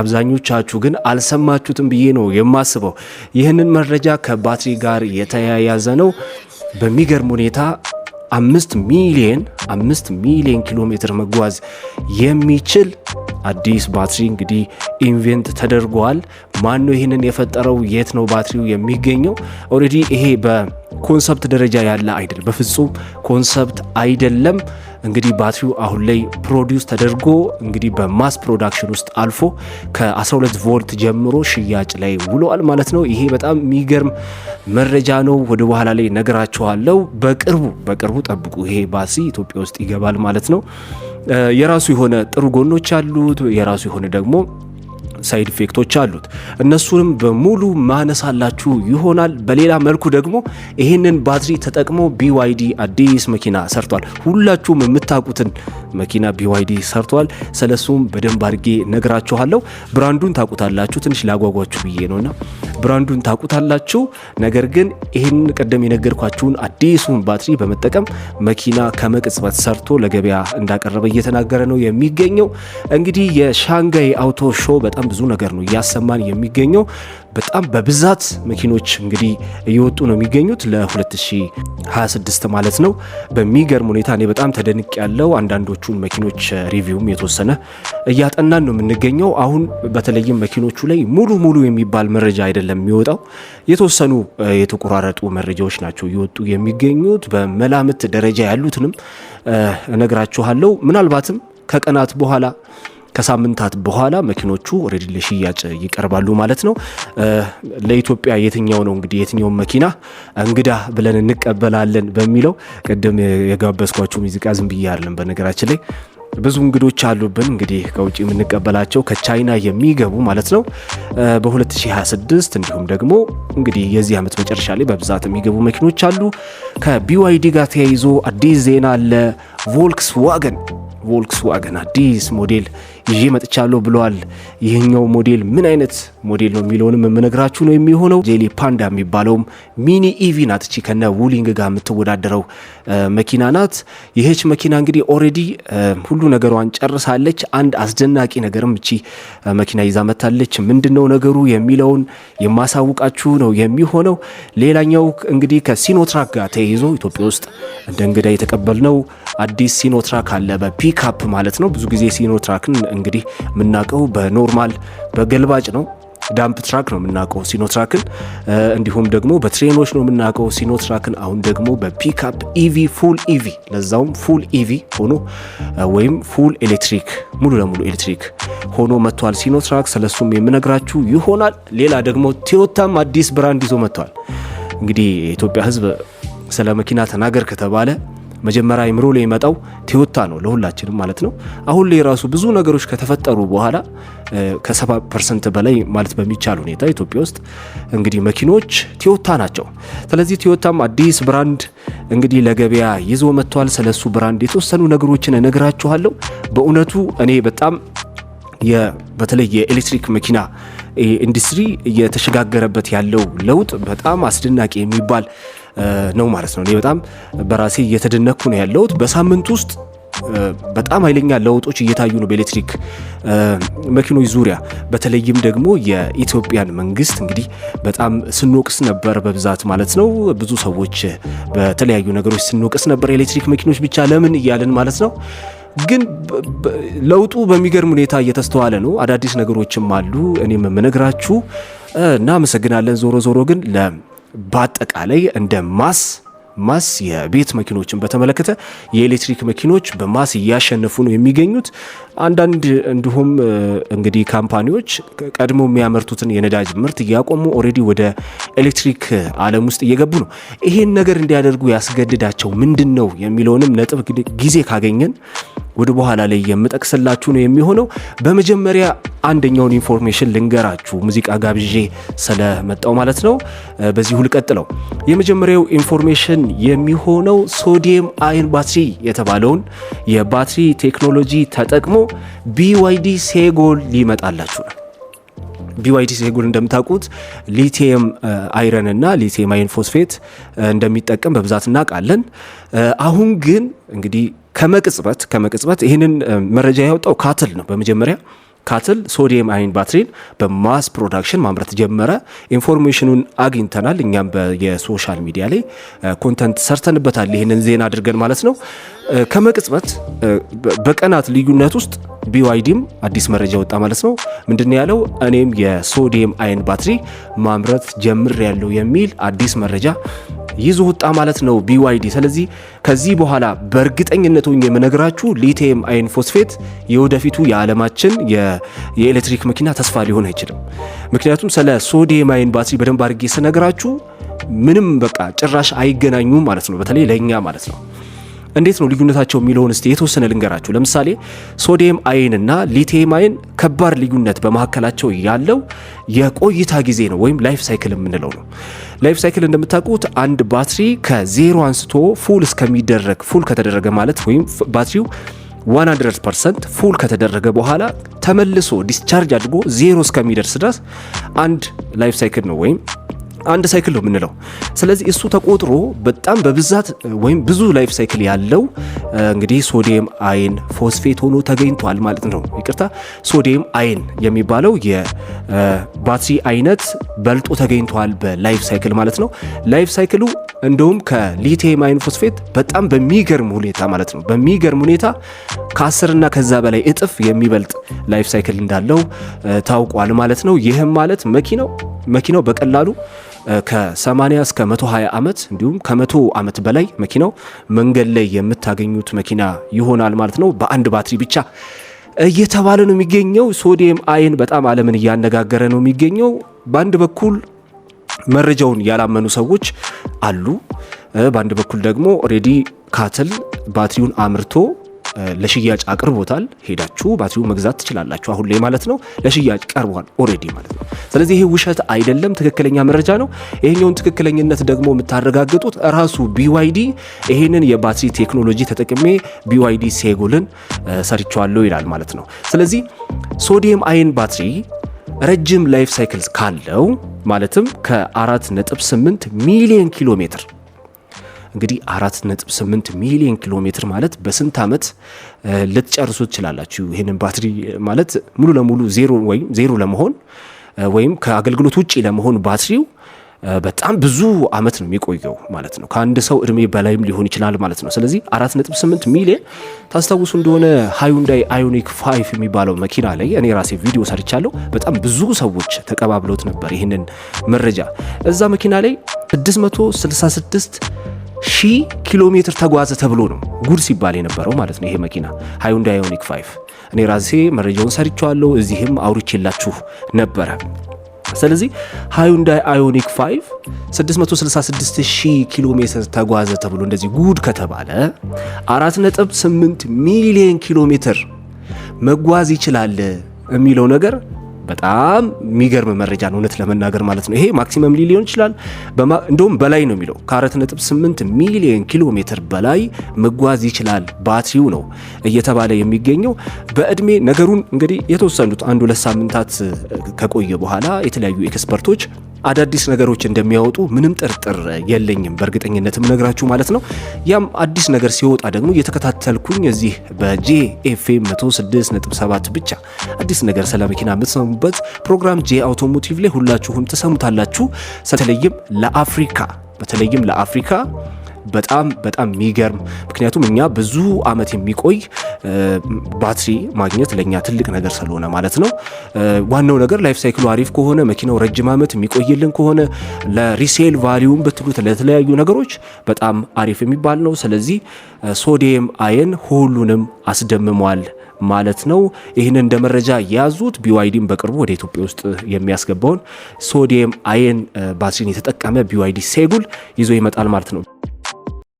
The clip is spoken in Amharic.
አብዛኞቻችሁ ግን አልሰማችሁትም ብዬ ነው የማስበው። ይህንን መረጃ ከባትሪ ጋር የተያያዘ ነው። በሚገርም ሁኔታ አምስት ሚሊየን አምስት ሚሊየን ኪሎ ሜትር መጓዝ የሚችል አዲስ ባትሪ እንግዲህ ኢንቬንት ተደርጓል። ማን ነው ይህንን የፈጠረው? የት ነው ባትሪው የሚገኘው? ኦልሬዲ ይሄ በኮንሰፕት ደረጃ ያለ አይደለም፣ በፍጹም ኮንሰፕት አይደለም። እንግዲህ ባትሪው አሁን ላይ ፕሮዲውስ ተደርጎ እንግዲህ በማስ ፕሮዳክሽን ውስጥ አልፎ ከ12 ቮልት ጀምሮ ሽያጭ ላይ ውሏል ማለት ነው። ይሄ በጣም የሚገርም መረጃ ነው። ወደ በኋላ ላይ ነግራችኋለሁ። በቅርቡ በቅርቡ ጠብቁ። ይሄ ባሲ ኢትዮጵያ ውስጥ ይገባል ማለት ነው። የራሱ የሆነ ጥሩ ጎኖች አሉት፣ የራሱ የሆነ ደግሞ ሳይድ ኢፌክቶች አሉት። እነሱንም በሙሉ ማነሳላችሁ ይሆናል። በሌላ መልኩ ደግሞ ይህንን ባትሪ ተጠቅሞ ቢዋይዲ አዲስ መኪና ሰርቷል። ሁላችሁም የምታውቁትን መኪና ቢዋይዲ ሰርቷል። ስለሱም በደንብ አድርጌ ነግራችኋለሁ። ብራንዱን ታቁታላችሁ። ትንሽ ላጓጓችሁ ብዬ ነውና ብራንዱን ታቁታላችሁ። ነገር ግን ይህን ቀደም የነገርኳችሁን አዲሱን ባትሪ በመጠቀም መኪና ከመቅጽበት ሰርቶ ለገበያ እንዳቀረበ እየተናገረ ነው የሚገኘው። እንግዲህ የሻንጋይ አውቶ ሾው በጣም ብዙ ነገር ነው እያሰማን የሚገኘው በጣም በብዛት መኪኖች እንግዲህ እየወጡ ነው የሚገኙት ለ2026 ማለት ነው። በሚገርም ሁኔታ እኔ በጣም ተደንቅ ያለው አንዳንዶቹን መኪኖች ሪቪውም የተወሰነ እያጠናን ነው የምንገኘው። አሁን በተለይም መኪኖቹ ላይ ሙሉ ሙሉ የሚባል መረጃ አይደለም የሚወጣው፣ የተወሰኑ የተቆራረጡ መረጃዎች ናቸው እየወጡ የሚገኙት። በመላምት ደረጃ ያሉትንም እነግራችኋለሁ ምናልባትም ከቀናት በኋላ ከሳምንታት በኋላ መኪኖቹ ሬዲ ለሽያጭ ይቀርባሉ ማለት ነው። ለኢትዮጵያ የትኛው ነው እንግዲህ የትኛውን መኪና እንግዳ ብለን እንቀበላለን በሚለው ቅድም የጋበዝኳቸው ሙዚቃ ዝም ብዬ አይደለም። በነገራችን ላይ ብዙ እንግዶች አሉብን እንግዲህ ከውጭ የምንቀበላቸው ከቻይና የሚገቡ ማለት ነው። በ2026 እንዲሁም ደግሞ እንግዲህ የዚህ ዓመት መጨረሻ ላይ በብዛት የሚገቡ መኪኖች አሉ። ከቢዋይዲ ጋር ተያይዞ አዲስ ዜና አለ። ቮልክስዋገን ቮልክስዋገን አዲስ ሞዴል ይዤ መጥቻለሁ ብለዋል። ይህኛው ሞዴል ምን አይነት ሞዴል ነው የሚለውንም የምነግራችሁ ነው የሚሆነው። ጄሊ ፓንዳ የሚባለውም ሚኒ ኢቪ ናት። እቺ ከነ ውሊንግ ጋር የምትወዳደረው መኪና ናት። ይህች መኪና እንግዲህ ኦሬዲ ሁሉ ነገሯን ጨርሳለች። አንድ አስደናቂ ነገርም እቺ መኪና ይዛ መታለች። ምንድነው ነገሩ የሚለውን የማሳውቃችሁ ነው የሚሆነው። ሌላኛው እንግዲህ ከሲኖትራክ ጋር ተያይዞ ኢትዮጵያ ውስጥ እንደ እንግዳ የተቀበልነው አዲስ ሲኖትራክ አለ፣ በፒካፕ ማለት ነው። ብዙ ጊዜ ሲኖትራክን እንግዲህ የምናውቀው በኖርማል በገልባጭ ነው ዳምፕ ትራክ ነው የምናውቀው ሲኖትራክን፣ እንዲሁም ደግሞ በትሬኖች ነው የምናውቀው ሲኖትራክን። አሁን ደግሞ በፒክአፕ ኢቪ ፉል ኢቪ ለዛውም ፉል ኢቪ ሆኖ ወይም ፉል ኤሌክትሪክ ሙሉ ለሙሉ ኤሌክትሪክ ሆኖ መጥቷል ሲኖትራክ። ስለሱም የምነግራችሁ ይሆናል። ሌላ ደግሞ ቶዮታም አዲስ ብራንድ ይዞ መጥቷል። እንግዲህ የኢትዮጵያ ሕዝብ ስለ መኪና ተናገር ከተባለ መጀመሪያ አይምሮ ላይ የመጣው ቲዮታ ነው ለሁላችንም ማለት ነው። አሁን ላይ ራሱ ብዙ ነገሮች ከተፈጠሩ በኋላ ከ70 ፐርሰንት በላይ ማለት በሚቻል ሁኔታ ኢትዮጵያ ውስጥ እንግዲህ መኪኖች ቲዮታ ናቸው። ስለዚህ ቲዮታም አዲስ ብራንድ እንግዲህ ለገበያ ይዞ መጥቷል። ስለሱ ብራንድ የተወሰኑ ነገሮችን እነግራችኋለሁ። በእውነቱ እኔ በጣም በተለይ የኤሌክትሪክ መኪና ኢንዱስትሪ እየተሸጋገረበት ያለው ለውጥ በጣም አስደናቂ የሚባል ነው ማለት ነው። እኔ በጣም በራሴ እየተደነኩ ነው ያለሁት። በሳምንት ውስጥ በጣም ኃይለኛ ለውጦች እየታዩ ነው በኤሌክትሪክ መኪኖች ዙሪያ። በተለይም ደግሞ የኢትዮጵያን መንግስት እንግዲህ በጣም ስንወቅስ ነበር በብዛት ማለት ነው። ብዙ ሰዎች በተለያዩ ነገሮች ስንወቅስ ነበር፣ የኤሌክትሪክ መኪኖች ብቻ ለምን እያልን ማለት ነው። ግን ለውጡ በሚገርም ሁኔታ እየተስተዋለ ነው። አዳዲስ ነገሮችም አሉ እኔም የምነግራችሁ። እናመሰግናለን። ዞሮ ዞሮ ግን በአጠቃላይ እንደ ማስ ማስ የቤት መኪኖችን በተመለከተ የኤሌክትሪክ መኪኖች በማስ እያሸነፉ ነው የሚገኙት። አንዳንድ እንዲሁም እንግዲህ ካምፓኒዎች ቀድሞ የሚያመርቱትን የነዳጅ ምርት እያቆሙ ኦልሬዲ ወደ ኤሌክትሪክ ዓለም ውስጥ እየገቡ ነው። ይሄን ነገር እንዲያደርጉ ያስገድዳቸው ምንድን ነው የሚለውንም ነጥብ ጊዜ ካገኘን ወደ በኋላ ላይ የምጠቅስላችሁ ነው የሚሆነው። በመጀመሪያ አንደኛውን ኢንፎርሜሽን ልንገራችሁ፣ ሙዚቃ ጋብዤ ስለመጣው ማለት ነው። በዚሁ ልቀጥለው። የመጀመሪያው ኢንፎርሜሽን የሚሆነው ሶዲየም አይን ባትሪ የተባለውን የባትሪ ቴክኖሎጂ ተጠቅሞ ቢዋይዲ ሴጎል ሊመጣላችሁ ነው። ቢዋይዲ ሴጉል እንደምታውቁት ሊቲየም አይረን እና ሊቲየም አይን ፎስፌት እንደሚጠቀም በብዛት እናውቃለን። አሁን ግን እንግዲህ ከመቅጽበት ከመቅጽበት ይህንን መረጃ ያወጣው ካትል ነው በመጀመሪያ ካትል ሶዲየም አይን ባትሪን በማስ ፕሮዳክሽን ማምረት ጀመረ። ኢንፎርሜሽኑን አግኝተናል። እኛም የሶሻል ሚዲያ ላይ ኮንተንት ሰርተንበታል። ይህንን ዜና አድርገን ማለት ነው። ከመቅጽበት በቀናት ልዩነት ውስጥ ቢዋይዲም አዲስ መረጃ ወጣ ማለት ነው። ምንድን ያለው እኔም የሶዲየም አይን ባትሪ ማምረት ጀምር ያለው የሚል አዲስ መረጃ ይዞ ወጣ ማለት ነው ቢዋይዲ። ስለዚህ ከዚህ በኋላ በእርግጠኝነት ሆኜ የምነግራችሁ ሊቲየም አይን ፎስፌት የወደፊቱ የዓለማችን የኤሌክትሪክ መኪና ተስፋ ሊሆን አይችልም። ምክንያቱም ስለ ሶዲየም አይን ባትሪ በደንብ አድርጌ ስነግራችሁ ምንም በቃ ጭራሽ አይገናኙም ማለት ነው፣ በተለይ ለእኛ ማለት ነው። እንዴት ነው ልዩነታቸው የሚለውን እስቲ የተወሰነ ልንገራችሁ። ለምሳሌ ሶዲየም አይን እና ሊቲየም አይን ከባድ ልዩነት በመካከላቸው ያለው የቆይታ ጊዜ ነው ወይም ላይፍ ሳይክል የምንለው ነው። ላይፍ ሳይክል እንደምታውቁት አንድ ባትሪ ከዜሮ አንስቶ ፉል እስከሚደረግ ፉል ከተደረገ ማለት ወይም ባትሪው 100% ፉል ከተደረገ በኋላ ተመልሶ ዲስቻርጅ አድርጎ ዜሮ እስከሚደርስ ድረስ አንድ ላይፍ ሳይክል ነው ወይም አንድ ሳይክል ነው የምንለው። ስለዚህ እሱ ተቆጥሮ በጣም በብዛት ወይም ብዙ ላይፍ ሳይክል ያለው እንግዲህ ሶዲየም አይን ፎስፌት ሆኖ ተገኝቷል ማለት ነው። ይቅርታ ሶዲየም አይን የሚባለው የባትሪ አይነት በልጦ ተገኝቷል በላይፍ ሳይክል ማለት ነው። ላይፍ ሳይክሉ እንደውም ከሊቲየም አይን ፎስፌት በጣም በሚገርም ሁኔታ ማለት ነው በሚገርም ሁኔታ ከአስርና ከዛ በላይ እጥፍ የሚበልጥ ላይፍ ሳይክል እንዳለው ታውቋል ማለት ነው። ይህም ማለት መኪናው መኪናው በቀላሉ ከ80 እስከ 120 ዓመት እንዲሁም ከ100 ዓመት በላይ መኪናው መንገድ ላይ የምታገኙት መኪና ይሆናል ማለት ነው በአንድ ባትሪ ብቻ እየተባለ ነው የሚገኘው። ሶዲየም አይን በጣም ዓለምን እያነጋገረ ነው የሚገኘው። በአንድ በኩል መረጃውን ያላመኑ ሰዎች አሉ፣ በአንድ በኩል ደግሞ ሬዲ ካትል ባትሪውን አምርቶ ለሽያጭ አቅርቦታል። ሄዳችሁ ባትሪው መግዛት ትችላላችሁ። አሁን ላይ ማለት ነው ለሽያጭ ቀርቧል ኦሬዲ ማለት ነው። ስለዚህ ይሄ ውሸት አይደለም፣ ትክክለኛ መረጃ ነው። ይሄኛውን ትክክለኝነት ደግሞ የምታረጋግጡት ራሱ ቢዋይዲ ይሄንን የባትሪ ቴክኖሎጂ ተጠቅሜ ቢዋይዲ ሴጎልን ሰርቸዋለሁ ይላል ማለት ነው። ስለዚህ ሶዲየም አየን ባትሪ ረጅም ላይፍ ሳይክል ካለው ማለትም ከ4.8 ሚሊዮን ኪሎ ሜትር እንግዲህ 4.8 ሚሊዮን ኪሎ ሜትር ማለት በስንት ዓመት ልትጨርሱ ትችላላችሁ? ይህንን ባትሪ ማለት ሙሉ ለሙሉ ዜሮ ወይም ዜሮ ለመሆን ወይም ከአገልግሎት ውጪ ለመሆን ባትሪው በጣም ብዙ አመት ነው የሚቆየው ማለት ነው። ከአንድ ሰው እድሜ በላይም ሊሆን ይችላል ማለት ነው። ስለዚህ 4.8 ሚሊዮን ታስታውሱ እንደሆነ ሃዩንዳይ አዮኒክ 5 የሚባለው መኪና ላይ እኔ ራሴ ቪዲዮ ሰርቻለሁ። በጣም ብዙ ሰዎች ተቀባብለውት ነበር ይህንን መረጃ። እዛ መኪና ላይ 666 ሺህ ኪሎ ሜትር ተጓዘ ተብሎ ነው ጉድ ሲባል የነበረው ማለት ነው። ይሄ መኪና ሃዩንዳይ ዮኒክ 5 እኔ ራሴ መረጃውን ሰርቻለሁ፣ እዚህም አውርቼላችሁ ነበረ። ስለዚህ ሃዩንዳይ አዮኒክ 5 666 ኪሎ ሜትር ተጓዘ ተብሎ እንደዚህ ጉድ ከተባለ 4.8 ሚሊዮን ኪሎ ሜትር መጓዝ ይችላል የሚለው ነገር በጣም የሚገርም መረጃ ነው እውነት ለመናገር ማለት ነው። ይሄ ማክሲመም ሊ ሊሆን ይችላል። እንደውም በላይ ነው የሚለው ከ4.8 ሚሊዮን ኪሎ ሜትር በላይ መጓዝ ይችላል ባትሪው ነው እየተባለ የሚገኘው በእድሜ ነገሩን እንግዲህ የተወሰኑት አንድ ሁለት ሳምንታት ከቆየ በኋላ የተለያዩ ኤክስፐርቶች አዳዲስ ነገሮች እንደሚያወጡ ምንም ጥርጥር የለኝም። በእርግጠኝነትም ነግራችሁ ማለት ነው። ያም አዲስ ነገር ሲወጣ ደግሞ እየተከታተልኩኝ እዚህ በጄኤፍኤም 106.7 ብቻ አዲስ ነገር ስለ መኪና የምትሰሙበት ፕሮግራም ጄ አውቶሞቲቭ ላይ ሁላችሁም ትሰሙታላችሁ። በተለይም ለአፍሪካ በተለይም ለአፍሪካ በጣም በጣም የሚገርም ምክንያቱም እኛ ብዙ አመት የሚቆይ ባትሪ ማግኘት ለእኛ ትልቅ ነገር ስለሆነ ማለት ነው። ዋናው ነገር ላይፍ ሳይክሉ አሪፍ ከሆነ መኪናው ረጅም አመት የሚቆይልን ከሆነ ለሪሴል ቫሊዩም ብትሉት ለተለያዩ ነገሮች በጣም አሪፍ የሚባል ነው። ስለዚህ ሶዲየም አየን ሁሉንም አስደምሟል ማለት ነው። ይህን እንደ መረጃ የያዙት ቢዋይዲን በቅርቡ ወደ ኢትዮጵያ ውስጥ የሚያስገባውን ሶዲየም አየን ባትሪን የተጠቀመ ቢዋይዲ ሴጉል ይዞ ይመጣል ማለት ነው።